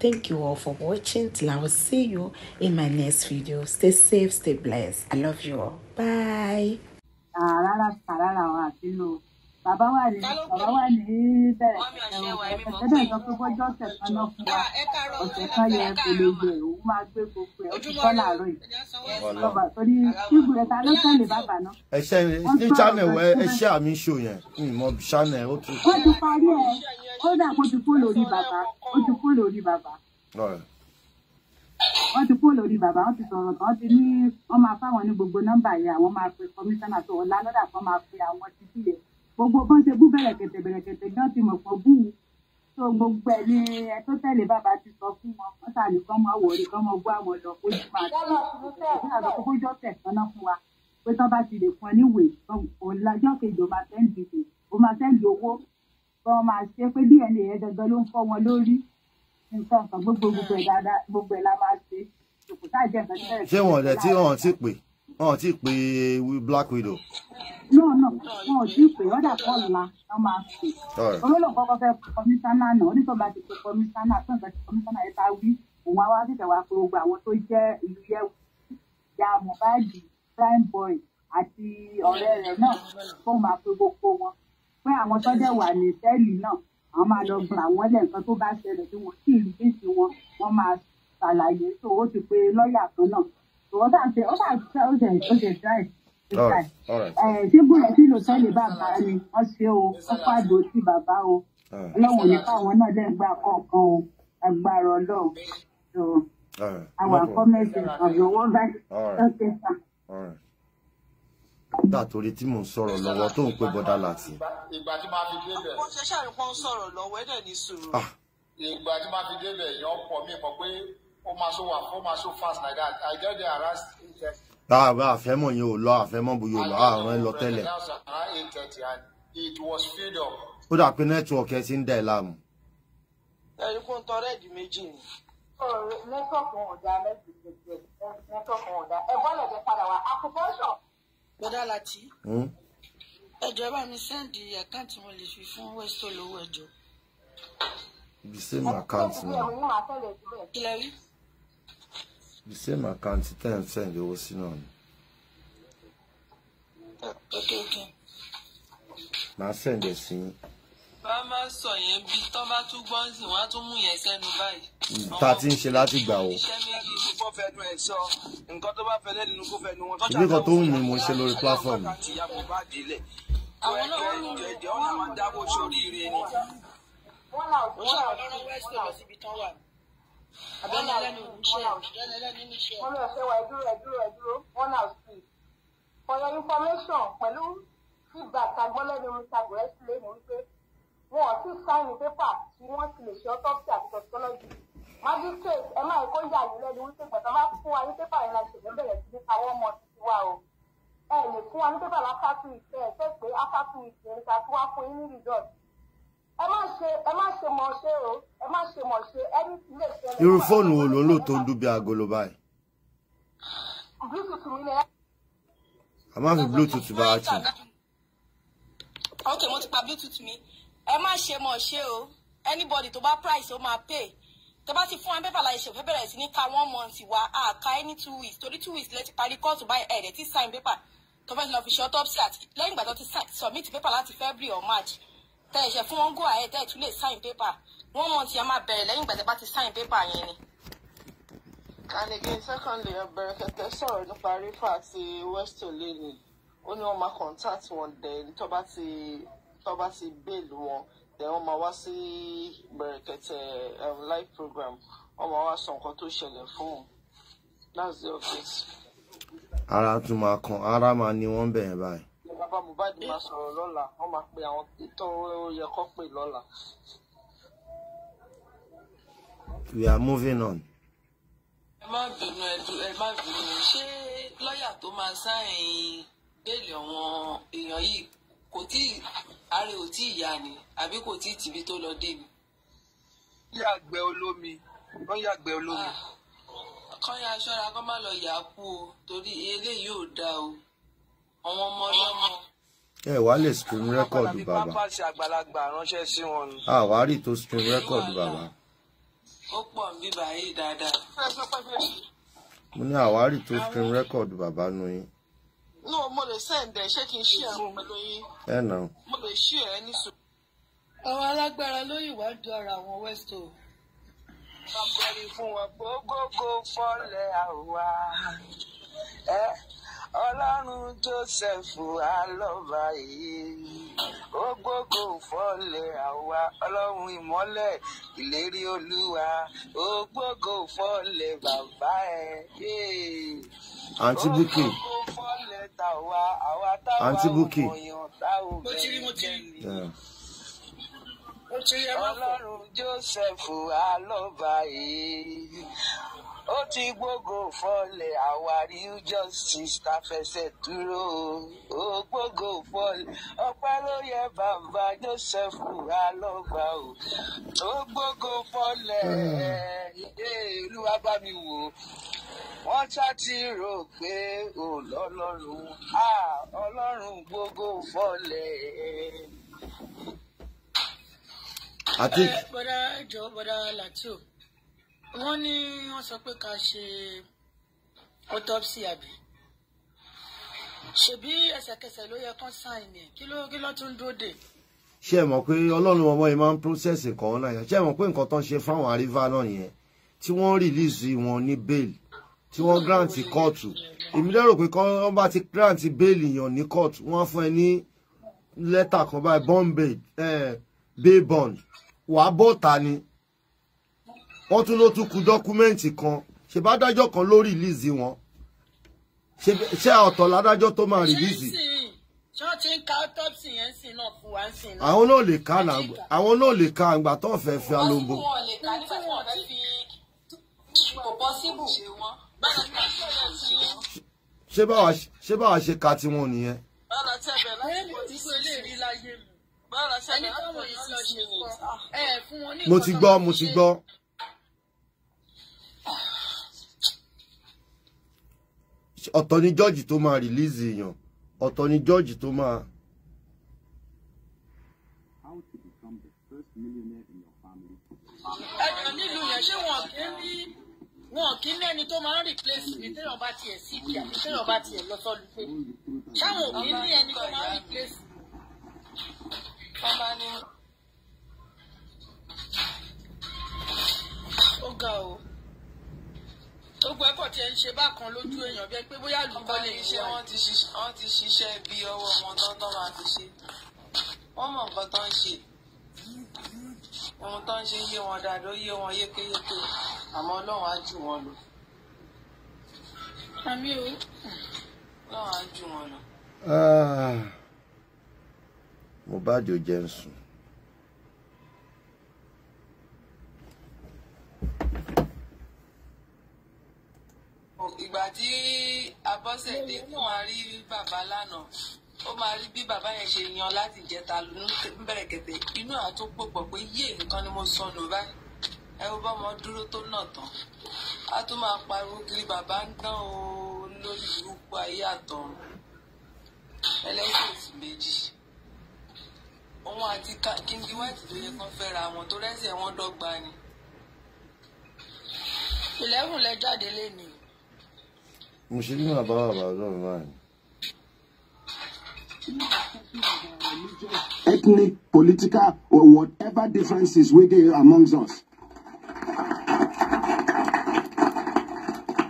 Thank you all for watching. Till I will see you in my next video. Stay safe, stay blessed. I love you all. Bye. bàbá wà ní bàbá wà ní bẹ̀rẹ̀ ẹ̀ẹ́dẹ̀ sọ pé bọ́jọ́ ọ̀sẹ̀ kan náà fún wa ọ̀sẹ̀ kan yẹ kò lè jẹ òun máa gbé gbogbo ẹ̀ ó kọ́ làárọ̀ yìí bàbá torí ṣígun ẹ̀ta ló tẹ̀lé bàbá náà. ẹ ní channel ẹ ṣe àmì ṣò yẹn ìmọ̀ channel ó tún. wọ́n ti parí ẹ̀ kódà kó ti kó lórí bàbá ó ti kó lórí bàbá wọ́n ti kó lórí bàbá wọ́n ti sọ̀rọ̀ kan ti ní wọ́n máa fáwọn ní gbogbo nọ́mbà yẹn àwọn máa pe kọmíṣánná tó ọ̀la lọ́dà kan máa pe àwọn títí yẹn gbogbo bọ́n ṣe bú bẹ̀rẹ̀ kẹ̀tẹ̀ bẹ̀rẹ̀ kẹ̀tẹ̀ gan ti mọ̀ pọ̀ bú tó gbogbo ẹ̀ ní ẹ tó tẹ̀lé bàbá ti sọ fún wọn wọ́n tà ní kán mọ́ wọ̀rí kán mọ́ gbọ́ àwọn lọ kójú máa tẹ̀ ó máa tẹ́ǹdì owó wọn máa ṣe pé dna yẹn gangan ló ń fọ́ wọn lórí nǹkan kan gbogbo gbogbo ẹ̀ dáadáa gbogbo ẹ̀ la máa ṣe kò sáà jẹ́ nǹkan tẹ́lẹ̀. ṣé wọn ọ̀dẹ̀ tí wọn ti pè wọn ti pè black widow. náà náà wọn ò tí ì pè ọ̀dà kọ́ọ̀lù la wọn máa pè. olólùkọ́ kọ́kọ́ fẹ́ kọmíṣánná náà onítọ̀ọ̀bá ti pè kọmíṣánná tó nǹkan ti kọmíṣánná yẹn bá wí òun àwa fìfẹ́ wa pé gbogbo àwọn tó jẹ́ ìlú yẹn ya Mohbad prime boy àti ọ̀rẹ́ rẹ̀ náà fóun máa pè gbogbo wọn pé àwọn tó dẹ̀ wà ní sẹ́ẹ̀lì náà àwọn máa lọ gba àwọn lẹ́ǹkan tó bá ṣẹlẹ̀ tí wọ́n sì ń bíìsì wọn wọ́n máa ṣàlàyé tó o ti pe lọ́ọ̀yà kan náà tó o dà ṣe ó dà ṣe ó dẹ̀ ó dẹ̀ dry ṣé bùrẹ̀ tí lò sẹ́ẹ̀lì bàbá ni wọ́n ṣe o ó pàdé sí bàbá o ọlọ́wọ̀n ní káwọn náà dẹ̀ gba kọ̀ọ̀kan o agbára ọlọ́run so àwọn akọ́mẹ́sì ọ̀dọ̀ wọ́n bá ṣọ́kẹ́sà gbà torí tí mò ń sọ̀rọ̀ lọ́wọ́ tó ń pè bọ́dá láti. ìgbà tí máa fi débẹ̀. ó ṣe ṣàlùkọ́ ń sọ̀rọ̀ lọ́wọ́ ẹ̀dẹ̀ ní sùúrù. Ah. ìgbà tí máa fi débẹ̀ èèyàn pọ̀ mí pọ̀ pé ó máa so wà ó máa so fast like that i get the arrest. Ah, àwa àfẹ́mọ̀ yẹn ò lọ àfẹ́mọ̀ bu yóò lọ ah, àárọ̀ ń lọ tẹ́lẹ̀. ó dà pé nẹ́tíwọ̀kì ẹ ti ń dà ẹ́ láàmú. ẹni kó ń ẹ̀dì méjì ni nẹ́tọ̀kùn ọ̀dà ọ̀dà ẹ̀gbọ́n bọ́dá láti. Hmm? ẹjọ́ ẹ bá mi sẹ́ndì àkáǹtì mo lè fi fún west olówó ẹjọ́. the same account na the same account ten send owó sí náà ni. màá send sí yín wọ́n á máa sọ yẹn bí tọ́ bá tún gbọ́n sí wọ́n á tún mú yẹn sẹ́nu báyìí. Mm, tá a ti ń ṣe láti gbà o. iṣẹ́ méjì ni kò fẹ́ nu ẹ̀ sọ nǹkan tó bá fẹ́ lẹ́nu ni kò fẹ́ nu wọn. ìbí kan tó ń mú mo ṣe lórí platform. àwọn náà wọ́n ń jẹ́ ọ̀nà máa dáwọ́ sóríire ni. wọ́n náà lọ́rọ́ wẹ́sítọ̀ lọ síbi tán wà ní abẹ́ni ẹlẹ́ni ìṣe abẹ́ni ẹlẹ́ni níṣe. wọ́n lọ ṣe wà dúró ẹ̀ dúró ẹ̀ dúró one house three. for your information pẹ̀lú feedback agbọ́lẹ́ni orin tagore sílẹ̀ mọ́ wípé wọn ò tí sáyìn pépà tí wọ́n ti lè ṣe autopsy àti toxicology magistrate ẹ máa kó yà yín lẹ́nu wípé gbọ̀dọ̀ máa fún wa ní pépà yẹn la ṣèlú bẹ̀rẹ̀ sí ní àwọn ọmọ títí wa o ẹ lè fún wa ní pépà lákàtú ìfẹ́ ẹ fẹ́ pé ákàtú ìfẹ́ nípa tí wàá fún yín ní result ẹ má ṣe ẹ má ṣe mọ̀ ṣe o ẹ má ṣe mọ̀ ṣe ẹni tí lè ṣe. irú fóònù wo ló ń lò tó ń dúbí agolo báyìí. bluetooth mi ni ẹ. a máa fi bluetooth bá a tì. ok mo ti pa bluetooth mi ẹ má ṣe mọ̀ ṣe o anybody tó bá price ó máa pay tó bá ti fún wa pépà láì ṣe òfé bẹ̀rẹ̀ sí ní ka one month wa àka any two weeks torí two weeks lẹ́ti parí kóòtù báyìí ẹ̀rẹ̀ ti sign paper tó fẹ́ lọ fi ṣe autopsy àti lẹ́yìn ìgbà tó ti submit paper láti February or March tẹ̀ ẹ̀ṣẹ̀ fún wọn go ahead tẹ̀ ẹ̀ tún lè sign paper one month yẹn máa bẹ̀rẹ̀ lẹ́yìn ìgbà tó bá ti sign paper yẹn ni. and again secondly ọbẹ̀rẹ̀ kẹtẹ sọ̀rọ̀ nípa rifa àti West Oleni ó ní wọ́n máa contact wọn then tó bá ti tó bá ti bẹ́ẹ̀lì wọn then wọ́n máa wá sí bẹ̀rẹ̀kẹ̀tẹ̀ um, live program wọ́n máa wá sọ nǹkan tó ṣẹlẹ̀ fún un that's the update. ara tún máa kan ara máa ní wọ́n bẹ̀rẹ̀ báyìí. bàbá Mohbad máa sọ̀rọ̀ lọ́la wọ́n máa pe àwọn tó yẹ kó pè lọ́la. we are moving on. ẹ má bínú ẹ má bínú ṣé lọ́ọ̀yà tó máa sáyìn bẹ́ẹ̀lì àwọn èèyàn yìí kò tí àárẹ̀ ò tí ìyá ni àbí kò tí tìbí tó lọ dé ni. yàgbẹ́ olómi wọ́n yàgbẹ́ olómi. Ah, kán yá aṣọ́ra kán má lọ yà á kú o torí eléyìí ò dáa o àwọn ọmọ ọlọ́mọ. ẹ wàá lè stream record bàbá. àwa rí tó stream record bàbá. ó pọ̀ ń bíbá yìí dáadáa. mo ní àwárí tó stream record bàbá nu yín no mo lè send ẹ ṣé kí n ṣí ẹ pẹ̀lú yín. ẹ mo lè ṣí ẹ ní sùn. àwọn alágbára ló yìí wá ara àwọn west o. ọkùnrin fún wọn gbogbogbò fọlẹ àwa ẹ. Eh? ọlọ́run joseph alọ́ba yìí ògbógo fọlẹ̀ àwa ọlọ́run ìmọ́lẹ̀ ìlérí olúwa ògbógo fọlẹ̀ bàbá ẹ̀. àǹtí bukki àǹtí bukki. ọlọ́run joseph alọ́ba yìí ó ti gbógo fọlẹ̀ àwárí justice ta fẹsẹ̀ dúró ó gbógo fọlẹ̀ ọpẹ́ ló yẹ bàbá Joseph alọ́gbà o ó gbógo fọlẹ̀ ilé ìlú abámiwò wọ́n ṣá ti rò pé ò lọ́lọ́run ọlọ́run gbógo fọlẹ̀. I think. Uh, brother Joe, brother wọ́n ní wọ́n sọ pé ká ṣe autopsy àbí ṣebí ẹsẹ̀kẹsẹ̀ ló yẹ kán sáìn ní kí ló kí ló tún dúró dè. ṣé ẹ mọ̀ pé ọlọ́run ọmọ yìí máa ń process nǹkan náà yẹn ṣé ẹ mọ̀ pé nǹkan tó ń ṣe fáwọn àríwá náà yẹn tí wọ́n release wọn ní bail tí wọ́n grant kóòtù èmi lérò pé kọ́ wọ́n bá ti grant bail yàn ní kóòtù wọ́n á fún ẹ ní lẹ́tà kan báyìí bond bail eh, bail bond wàá bọ́ta ni wọ́n tún ló tún kù dọ́kúmẹ́ǹtì kan ṣe bá dájọ́ kan ló rìlíìsì wọn ṣé ọ̀tọ̀ ládájọ́ tó máa rìlíìsì. àwọn náà lè ká àwọn náà lè ká àgbà tó fẹ́ fi alóńgbò. ṣé báwa ṣe ka tiwọn nìyẹn. bára tẹ́bẹ̀ láyé mo ti sọ eléyìí láyé mi. bára tẹ́bẹ̀ láyé mo ti sọ ṣe nìyẹn. mo ti gbọ́ mo ti gbọ́. ọ̀tọ̀ ni jọ́ọ̀jì tó máa rìlíìsì èèyàn ọ̀tọ̀ ni jọ́ọ̀jì tó máa. ẹ̀jọ̀ nílùú yẹn ṣé wọn kì í rí wọn kì í lẹ́ni tó máa ń replace mi téèyàn bá tiẹ̀ sí kí àbí téèyàn bá tiẹ̀ lọ sọ́lù pé ṣáwọn kì í rí ẹni tó máa ń replace ó ga o gbogbo ẹ̀kọ́ tí ẹ ń ṣe bákan lójú èèyàn bíi pé bóyá àlùkò lè ṣe wọ́n ti ṣiṣẹ́ bí ọwọ́ wọn tọ́tọ́ máa fi ṣe wọ́n mọ̀ nǹkan tó ń ṣe ohun tó ń ṣe yé wọn dáadọ́ yé wọn yékéyéké àmọ́ ọlọ́run á jù wọn lọ. àmì o. ọlọ́run á jù wọn lọ. mo bá jò jẹun sùn. ìgbà tí abọ́sẹ̀dé fún wa rí bàbá lánàá ó máa rí bí bàbá yẹn ṣe yan láti jẹta níbẹ̀rẹ̀ kẹ̀tẹ̀ inú àtó pòpọ̀ pé yé nìkan ni mo sọnù báyìí ẹ wo bá ọmọ dúró tó nà tán á tún máa pariwo kiri bàbá ń dán o lórí irúgbó ayé àtọ̀run ẹlẹ́sìn méjì òun àti kíndí wáìtì tó yẹ kán fẹ́ra wọn tó rẹ́sì ẹ̀ wọ́n dọ́gba ni. ìlẹ́kùn lẹ jáde lé هذول ethnic, political, or whatever differences we get amongst us.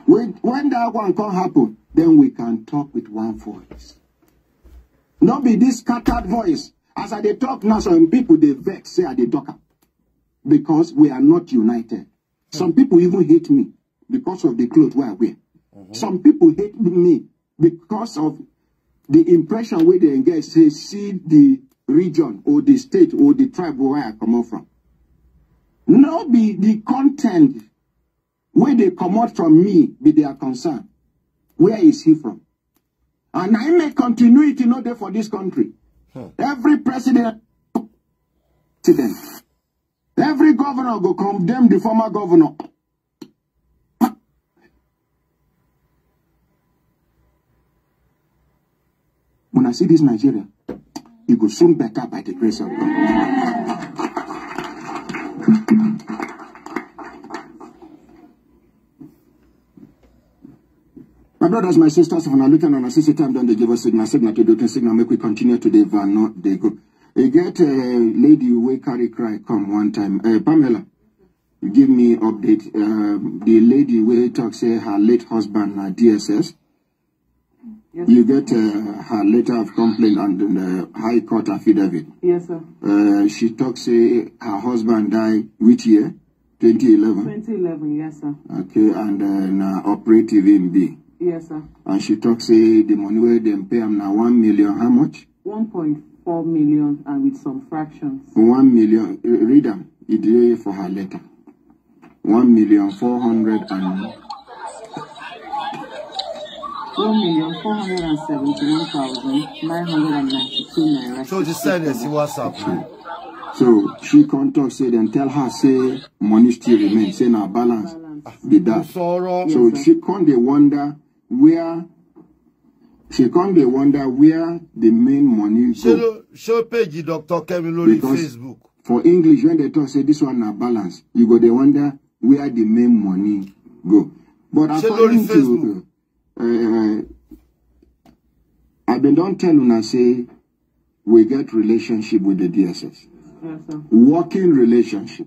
When, when that one can happen, then we can talk with one voice. Not be this scattered voice. As I they talk now, some people they vex, say I they talk Because we are not united. Some people even hate me because of the clothes where I wear. hmm Some people hate me because of the impression where they get say see the region or the state or the tribe where I come out from. Not be the content where they come out from me be their concern. Where is he from? And I make continuity not there for this country. Huh. Hmm. Every president, every governor go condemn the former governor. I see this Nigeria, it will soon better by the grace of God. My brothers, my sisters, when I look and I see the time, then they give a signal, signal to do can signal, make we continue to the van. not the group. You get a lady we carry cry come one time. Uh, Pamela, give me update. Uh, the lady we talk say her late husband, uh, DSS, Yes, you get uh, her letter of complaint and the High Court affidavit. Yes, sir. Uh, she talks, say, uh, her husband died which year? 2011? 2011, yes, sir. Okay, and then uh, operative in B. Yes, sir. And she talks, say, uh, the money where they pay am now 1 million, how much? 1.4 million and with some fractions. 1 million, read them, it for her letter. 1 million 400 and... So just send us your WhatsApp. So she contact say then tell her say money still remains. say now balance the that. So she can't they wonder where she can't they wonder where the main money go. Show page Dr. Kemi Lori Facebook. For English when they talk say this one now balance you go they wonder where the main money go. But according to Facebook. Uh, uh, I've been don't tell una say we get relationship with the DSS. Yes, Working relationship.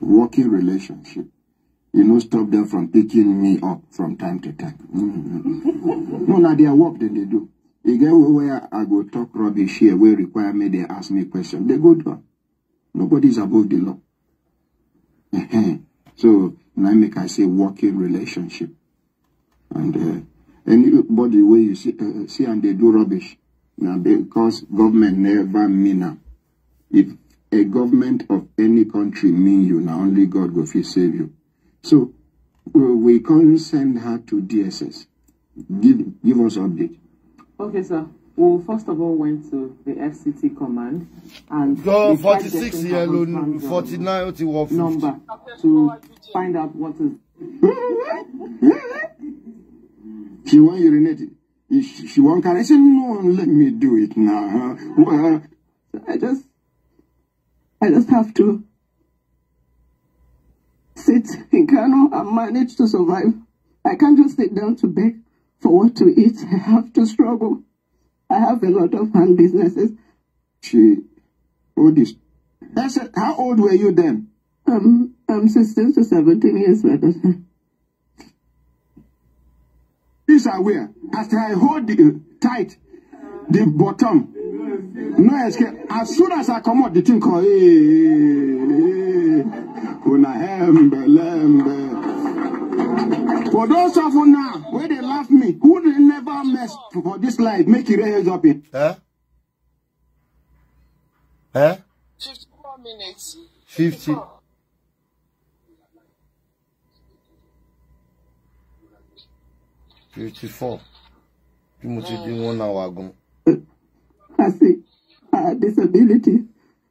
Working relationship. You know, stop them from picking me up from time to time. Mm-hmm. no, now they are work than they do. You get where I go talk rubbish here, where require me, they ask me question. They go down. Nobody's above the law. so, now make I say working relationship. and uh, anybody where you see, uh, see and they do rubbish now because government never mean am if a government of any country mean you now only god go fit save you so uh, we can send her to dss give give us update okay sir we first of all went to the FCT command and so 46 yellow 49 to number to find out what is She won't urinate. She, she won't carry. I said, no, let me do it now. Well, I just, I just have to sit in Kano and manage to survive. I can't just sit down to beg for what to eat. I have to struggle. I have a lot of hand businesses. She, all oh, this. I said, how old were you then? Um, I'm um, 16 to 17 years by is aware as I hold the uh, tight the bottom. No escape. As soon as I come out, the thing call. Hey, hey, hey. For those of you now, where they laugh me, who they never mess for this life, make it raise up in. Huh? Huh? 54 minutes. 54. 50. eighty four bí mo ti dín one hour gan. I see uh, disability.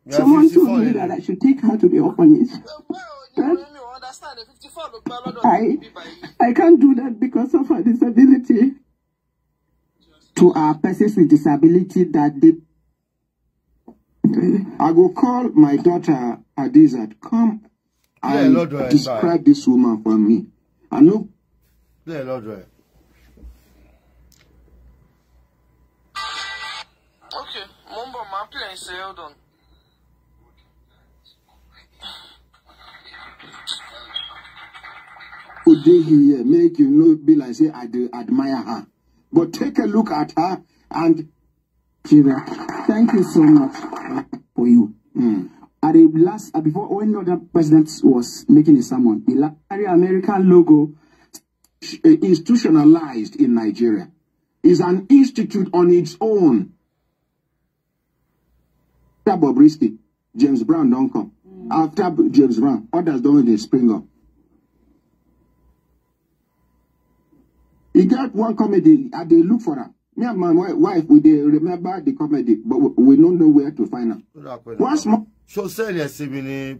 Someone told me that I should take her to the orphanage. That I, I can't do that because of her disability. To our persons with disability that they... I will call my daughter Adizat. Come and yeah, Lord, describe this woman for me. I know... Yeah, Lord, right. Okay, so hold on. here, make you know, be like say I do admire her, but take a look at her and. Jira, thank you so much for you. Mm. At the last, uh, before when other president was making his sermon, the American logo uh, institutionalized in Nigeria is an institute on its own. After Bobrisky, James Brown don't come. Mm. After James Brown, others don't even spring up. He got one comedy, I they look for her. Me and my wife, we they remember the comedy, but we don't know where to find her. What's more. So sell your in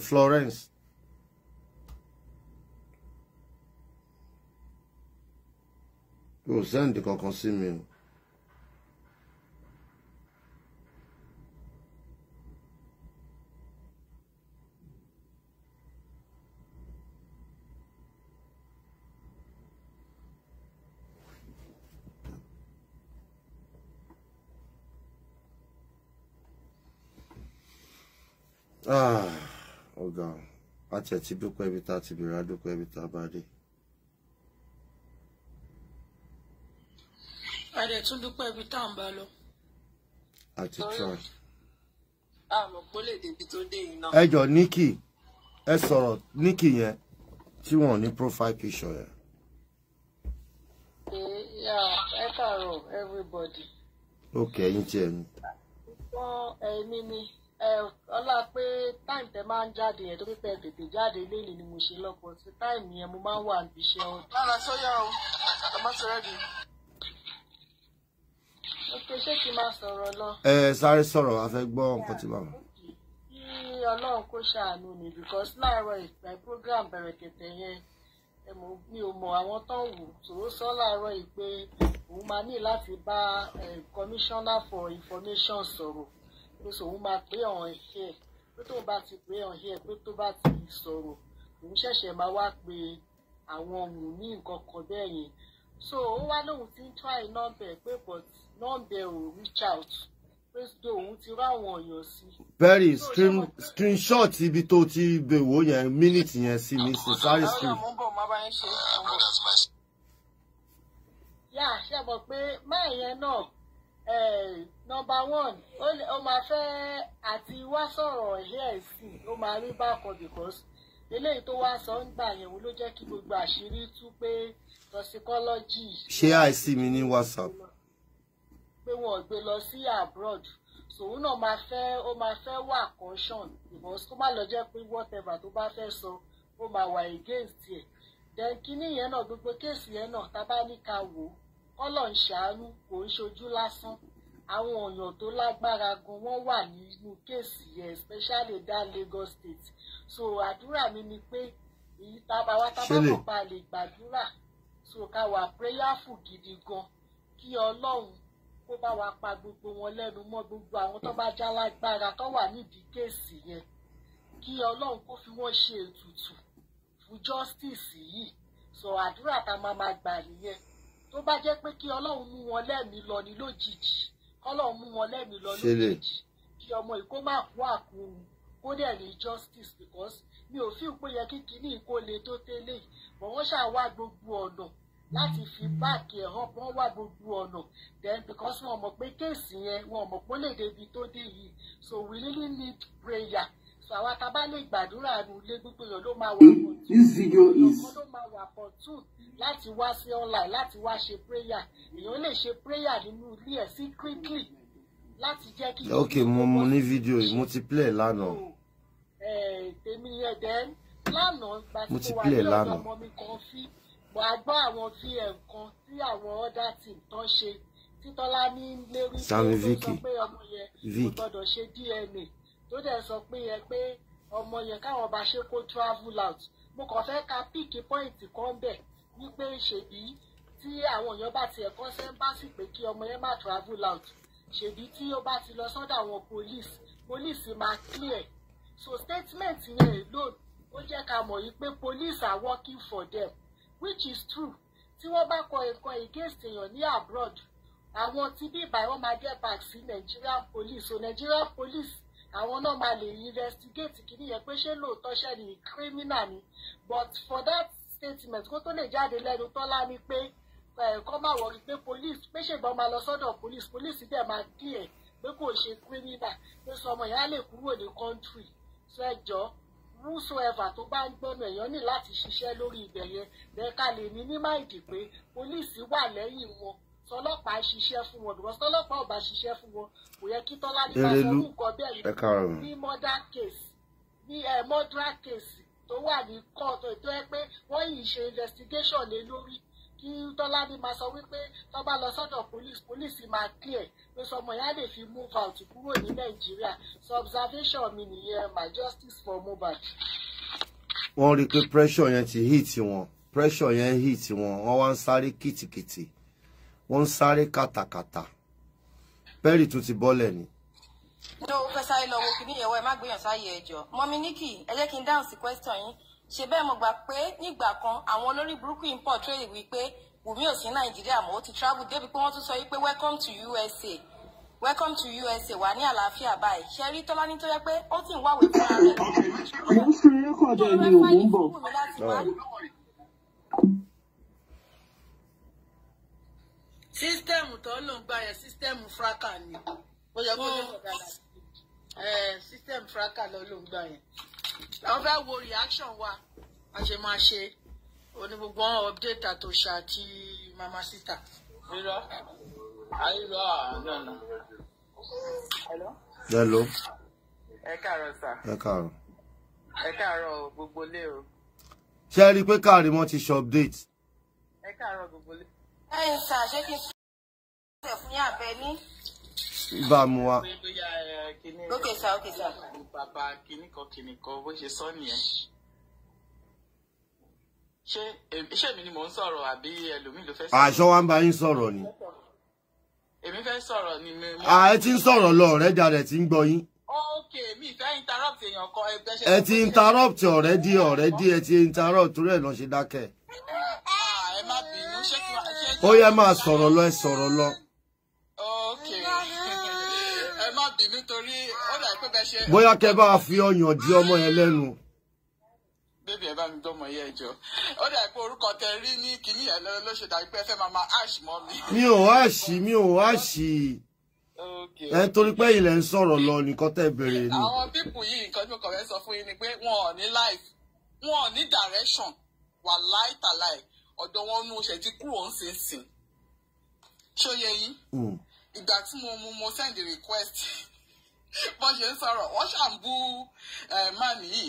Florence. Kò sẹ́ǹdì kankan sí Ah, ọ̀gá àti ẹ̀tí dúpẹ́ ibi tá a ti bẹ̀rẹ̀ adúpẹ́ ibi tá bita bá dé. àdè tún dúpẹ́ ibi tá à ń bá lọ. try. tó dé yìí náà. ẹ jọ Nikki Niki sọ̀rọ̀ yẹn tí wọ́n ní profile picture yẹn. Eh, ẹ káàárọ̀ everybody. ok ẹyin tí ẹ ní. wọ́n ẹni ni. ọlá pé táìmù tẹ máa ń jáde yẹn tó pípẹ́ tètè jáde léèlè ni mo ṣe lọ́pọ̀ sí táìmù yẹn mo máa ń wà níbi iṣẹ́ ọdún. lára sọ́yà o ẹ má sọ rẹ́dì. ok ṣé kí n máa sọ̀rọ̀ lọ. ẹ sáré sọ̀rọ̀ a fẹ́ gbọ́ nǹkan tí bàbá. kí ọlọ́run kó ṣàánú mi because láàárọ̀ ìgbà program bẹ̀rẹ̀ tètè yẹn mi ò mọ àwọn tó ń wò tòó sọ láàárọ̀ yìí pé òun máa ní láti bá commissioner for information sọ̀rọ̀ ní sòun máa pé ọ̀hún ẹ̀ṣẹ̀ pé tóun bá ti pé ọ̀hún ẹ̀ṣẹ̀ pé tó bá ti sọ̀rọ̀ òun ṣẹ̀ṣẹ̀ máa wá pé àwọn ohun ní nǹkan kan bẹ́ẹ̀ yẹn so ó wá lóun ti ń try nọ́mbẹ̀ pé but nọ́mbẹ̀ ò reach out pé sọ òun ti rá àwọn èèyàn sí. Berry screen screenshot ibi tó ti bèwò yẹn mínítì yẹn sí mi sí sáré screen. yà ṣe mọ̀ pé máa yẹn náà. Eh, nọmba one ó máa fẹ́ àti wá sọ̀rọ̀ ẹ̀hẹ́ ẹ̀sìn ó máa rí bákan because eléyìí tó wá sọ ń gbà yẹn ló jẹ́ kí gbogbo àṣírí tú pé toxicology. ṣé àìsí mi ní whatsapp. pé wọn ò gbé lọ sí abroad sòun náà máa fẹ́ ó máa fẹ́ wà caution because kó má lọ jẹ́ pé whatever tó bá fẹ́ sọ ó máa wà against ẹ̀ then kíní yẹn náà gbogbo kéèsì yẹn náà tá a bá ní ká wò ó kọ́lọ̀ ń ṣàánú kò ń ṣojú lásán àwọn èèyàn tó lágbára gan wọ́n wà nínú kéèsì yẹn especially that Lagos state so àdúrà mi ni pé èyí tábà wá tábà kò pa lè gbàdúrà so ká wà prayerful gidi gan kí Ọlọ́run kó bá wa pa gbogbo wọn lẹ́nu mọ́ gbogbo àwọn tó bá já lágbára tó wà nídìí kéèsì yẹn kí Ọlọ́run kó fi wọ́n ṣe ètùtù fún justice yìí so àdúrà tá a máa máa gbà nìyẹn tó bá jẹ́ pé kí ọlọ́run mú wọn lẹ́mìí lọ ní lójijì kọ́lọ́run mú wọn lẹ́mìí lọ lójijì kí ọmọ ìkó má kú àkúrú kó dẹ̀ ní justice because mi ò fi pé yẹ kí kinní kó tó tẹ́lẹ̀ but wọ́n ṣáà wá gbogbo ọ̀nà láti fi báàkì ẹ̀ hàn wọ́n wá gbogbo ọ̀nà then because wọ́n mọ̀ pé kéèsì yẹn wọ́n mọ̀ pé lè débi tó dé yìí so we really need prayer so àwa tá a bá lè gbàdúrà nù lé gbogbo èèyàn ló máa wà pọ̀ tún. this video is. ló máa wà pọ̀ tún láti wá sí online láti wá ṣe prayer èèyàn lè ṣe prayer nínú ilé ẹ̀ secretly láti jẹ́ kí. ok mo mo ní fídíò yìí mo ti play lánàá. ẹ tèmi ẹdẹ lánàá gba tí mo wà ní ọ̀dọ̀ ọmọ mi kan fi wàá gbọ́ àwọn vm kan tí àwọn other team tán ṣe títọ́lá ní lérí tó sọ pé ọmọ yẹn kò gbọ́dọ̀ ṣe DNA tó dẹ̀ sọ pé yẹ pé ọmọ yẹn káwọn bá ṣe kó travel out mo kàn fẹ́ ka píìkì pọ́ìntì kan bẹ̀ wípé ṣèbí tí àwọn èèyàn bá tiẹ̀ kọ́ sẹ́ńbáàsì pé kí ọmọ yẹn má travel out ṣèbí tí ó bá ti lọ sọ́dọ̀ àwọn police police máa clear so statement yẹn alone ó jẹ́ ká mọ̀ yìí pé police are working for them which is true tí wọ́n bá kọ nǹkan against èèyàn ní abroad àwọn tí bí ìbá wọn máa get back sí Nigerian police so Nigerian police àwọn náà máa lè investigate kí nìyẹn pé ṣé lóòótọ́ ṣẹ́ criminal ni but for that statement kó tó lè jáde lẹ́nu tọ́lá ni pé kọ́ máa wọ̀rí pé police pé ṣègbọ́n máa lọ sọ́dọ̀ police police dẹ̀ máa dí ẹ̀ pé kò ṣe criminal pé sọmọ yẹn lè kúrò ní country sọ ẹ jọ whosoever tó bá ń gbọ́nà èèyàn ní láti ṣiṣẹ́ lórí ibẹ̀ yẹn bẹ́ẹ̀ ká lè ní ní máìdì pé police wà lẹ́yìn wọn tọlọ́pàá ṣiṣẹ́ fún wọn because tọlọ́pàá ò bá ṣiṣẹ́ fún wọn kò yẹ kí tọ́lá nípa sọ nǹkan bẹ́ẹ̀ ní murder case ní murder case tó wà ní court tó yẹ pé wọ́n yìí ṣe investigation lé lórí kí tọ́lání máa sọ wípé tó bá lọ sọ́dọ̀ police police máa clear pé sọmọ yẹn lè fi move out kúrò ní nàìjíríà so observation mi nìyẹn my justice for Mohbad. wọ́n rí i pé pressure yẹn ti hit wọn pressure yẹn heat, wọn wọ́n wá ń sáré kìtìkìtì wọ́n ń sáré kàtàkàtà pẹ́ẹ́rì tún ti bọ́lẹ̀ ni ló fẹ́ sáré lọ wo kìíní yẹ̀wọ́ ẹ má gbéyàn sáyé ẹjọ́ mọ́mí níkì ẹ jẹ́ kí n dáhùn sí question yín ṣe bẹ́ẹ̀ mo gbà pé nígbà kan àwọn olórí burúkú ń pọ̀ tírèlì wípé Wùmí ò sí Nàìjíríà mọ́ ó ti travel débi pé wọ́n tún sọ wípé welcome to USA welcome to USA wà ní àlàáfíà báyìí ṣe rí tọ́lá ní tó yẹ pé ó ti ń wáwèé fún ara rẹ̀. mo ń ń bọ̀. ń gbà yẹn sísítẹ́ẹ̀mù ni ó yẹ kó jẹ́ ọ̀gá làdìgbò system fraka lọ ló ń gbà yẹn àwọn fẹ́ wo reaction wa a ṣe máa ṣe onígbogbo wọn update àtòṣà àti mama sita. rírọ àìrọ àná hello. hello. ẹ káàárọ̀ sà. ẹ káàárọ̀. ẹ káàárọ̀ gbogbo lé o. ṣé ẹ rí i pé Karimo ti ṣe update. ẹ káàárọ̀ gbogbo lé. ẹ ǹ sà ṣé kí n fẹ́ fún yàbẹ ní ìbámu wa. ókè sá ókè sá. bàbá kìnnìkan kìnnìkan bó ṣe sọ nìyẹn ṣé èmi ni mò ń sọ̀rọ̀ àbí ẹlòmíì ló fẹ́ sọ̀rọ̀. àṣọ wa ń bá yín sọ̀rọ̀ ni. èmi fẹ́ sọ̀rọ̀ ni mi. à ti ń sọ̀rọ̀ lọ ọ̀rẹ́ jà rẹ̀ ti ń gbọ́ yín. ókè mi fẹ́ interrupt èèyàn kan ẹgbẹ́ ṣe. ẹ ti interrupt ọ̀rẹ́ dí ọ̀rẹ́ dí ẹ ti interrupt rẹ̀ lọ ṣe dákẹ́. Ah, ó yẹ máa sọ̀rọ̀ lọ ẹ sọ̀rọ̀ lọ. bóyá kẹ bá fi ọyàn di ọmọ yẹn lẹ́nu bébì ẹ bá mi gbọmọ yẹ ẹjọ ó dà pé orúkọ tẹ rí ní kínní yẹn ló ṣe dàbí pé ẹ fẹ́ máa ash mọ́ mi. mi ò aṣì mi ò aṣì ẹ torí pé ilẹ̀ ń sọ̀rọ̀ lọ nìkan tẹ́ bèrè ni. àwọn pípù yìí nǹkan tí mo kàn fẹ́ sọ fún yín ni pé wọn ò ní life wọn ò ní direction wà láìtàláì ọ̀dọ̀ wọn mú ṣe ti kúrò ń ṣe sìn ṣó yín mm. ìgbà tí mo mú mo send request bọ́n ṣe ń sọ̀rọ̀ wọ́n ṣàǹbù man yìí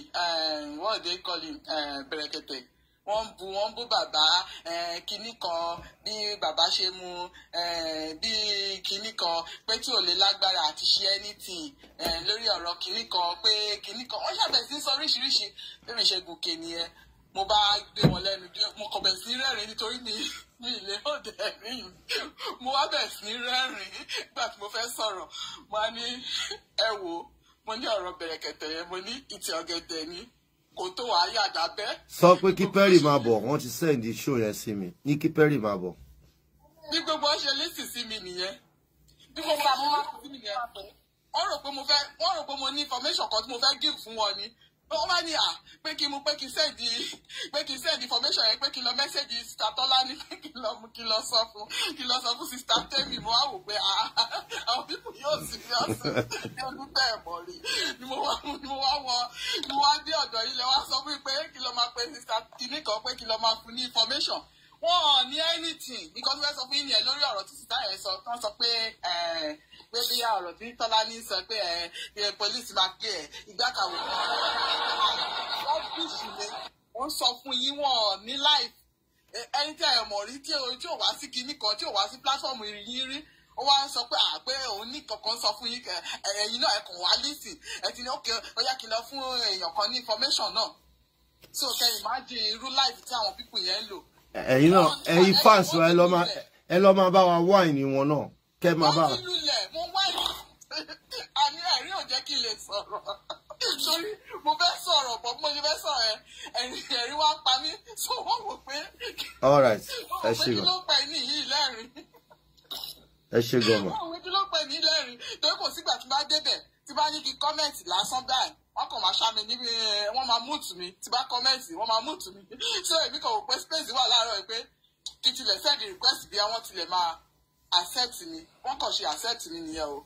wọ́n dé kọ́lì bẹ̀rẹ̀kẹ̀tẹ̀ wọ́n ń bu wọ́n ń bú bàbá kinní kan bí bàbá ṣe mu bí kinní kan pé tí ò lè lágbára àti ṣe anything lórí ọ̀rọ̀ kinní kan pé kinní kan wọ́n ṣàbẹ̀sí sọ oríṣiríṣi bí mi ṣe gòkè nìyẹn mo bá gbé wọn lẹ́nu mo kọ̀bẹ̀ sí rẹ́rìn nítorí mi mi ìlérò dẹ̀rí mo wá bẹ̀ sí rẹ́rìn-ín nígbà tí mo fẹ́ sọ̀rọ̀ mo á ní ẹ wò mo ní ọ̀rọ̀ bẹ̀rẹ̀kẹ̀tẹ̀ yẹn mo ní ìtì ọ̀gẹ̀dẹ̀ ni kò tó wàá yà dábẹ́. sọ pé kí pẹ́rì máa bọ̀ wọ́n ti sẹ́ǹdì ṣó yẹn sí mi ní kí pẹ́rì máa bọ̀. bí gbogbo ọ ṣe sí mi nìyẹn bí gbogbo àwọn sí mi nìyẹn wọ́n rò pé mo ní information kan tí mo fẹ́ give fún wọn ni wọ́n wá ní à ah, pé kí mu pé kí sẹ́ẹ̀dì pé kí sẹ́ẹ̀dì information yẹn pé kí lọ mẹ́sẹ̀gì sista tọ́lá ní pé kí lọ mú kí lọ sọ fún kí lọ sọ fún sista tẹ́mi mo á wò pé ah, àwọn pípù yóò sì fi ọ̀sẹ̀ ní ọdún bẹ́ẹ̀ mọ̀ rí ni mo wá ni mo wá wọ ni wá dé ọ̀dọ̀ yìí lẹ wá sọ fún mi pé kí lọ máa pe sista kìíní kan pé kí lọ máa fún ní information wọn ò ní anything because wọ́n sọ fún yín yẹn lórí ọ̀rọ̀ tí sista yẹn sọ tán sọ pé ẹ̀ẹ́ eh, pé bí ọ̀rọ̀ tí Tọ́lání sọ pé ẹ pọ́lísì máa gé ẹ ìgbàkàwé ọ́fíìsì mi wọ́n sọ fún yín wọ́n ní láìpẹ́ ẹni tí ẹ mọ̀ rí tí ò wá sí kinní kan tí ò wá sí pílásọ̀mù yín rí ó wá sọ pé àpé òun ní kankan sọ fún yín ẹ̀yin náà ẹ kàn wá lísì ẹ ti ní ó yá kí lọ fún èèyàn kan ní information náà so kẹ imagine irú life tí àwọn pípù yẹn ń lò. ẹ̀yin náà ẹ̀yin fans ẹ lọ máa bá wa wáìnì wọn náà kẹ́ máa bá. wọ́n mo wá ìlú àní ẹ̀rí ò kí n lè sọ̀rọ̀ sórí mo fẹ́ sọ̀rọ̀ bọ́ mo fẹ́ sọ̀rọ̀ ẹ̀ ẹ̀rí wá pa mí so wọ́n wò pé ẹ ṣe gan. wọ́n wò pé yìí lẹ́rìn. ẹ ṣe gan mọ̀. wọ́n wò kí lẹ́rìn torí kò sígbà tí bá débẹ̀ tí bá ní kí kọ́mẹ̀ntì lásán báyìí wọ́n kàn máa ṣá níbi wọ́n máa múùtù mi tí bá kọ́mẹ̀ntì wọ́n máa múùtù mi so èmi kàn wò pé space wà láàárọ̀ pé accept mi wọ́n kàn ṣe accept mi nìyẹn o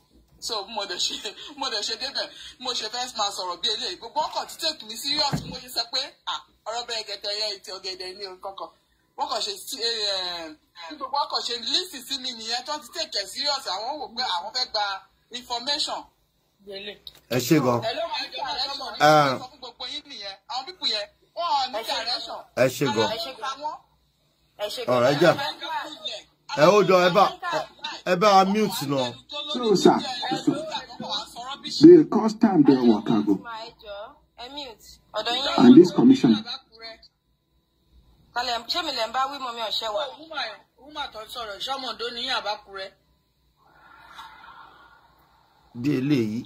so mo dẹ̀ ṣe mo dẹ̀ ṣe débẹ̀ mo ṣe fẹ́ máa sọ̀rọ̀ bí eléyìí gbogbo ọkọ̀ ti take mi serious mo ṣe sọ pé ah ọ̀rọ̀ bẹ́ẹ̀ kẹtẹ yẹn ti ọ̀gẹ̀dẹ̀ ní kankan wọ́n kàn ṣe eh, eh, tí gbogbo ọkọ̀ ṣe lísì sí mi nìyẹn tó ti take ẹ̀ serious àwọn wò pé àwọn fẹ́ gba information ẹ ṣe ah. gan. ẹ ṣe gan. ọ̀rẹ́ jà ẹ ó jọ ẹ bá ẹ bá mute náà. so sir the cost time dey waka go and this commission. kalẹ̀ ṣé mi lè ń bá wí mọ́ mi ọ̀ṣẹ́ wa. Oh, wúmà tó sọ̀rọ̀ ìṣọ́mọ̀dó ní àbákúrẹ́. bí eléyìí.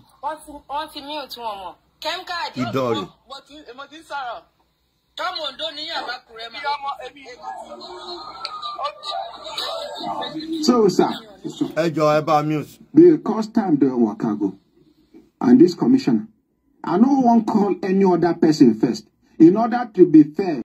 wọ́n ti mute wọn mọ̀ kẹ́ńkà àdìọ́ ìdán rẹ̀. mo ti ń sọ̀rọ̀ tọ́mọ Ondo ní àbákùrẹ́ mà. so sir. ẹ jọ ẹ bá mute. because time don waka go and this commissioner i no wan call any other person first in order to be fair.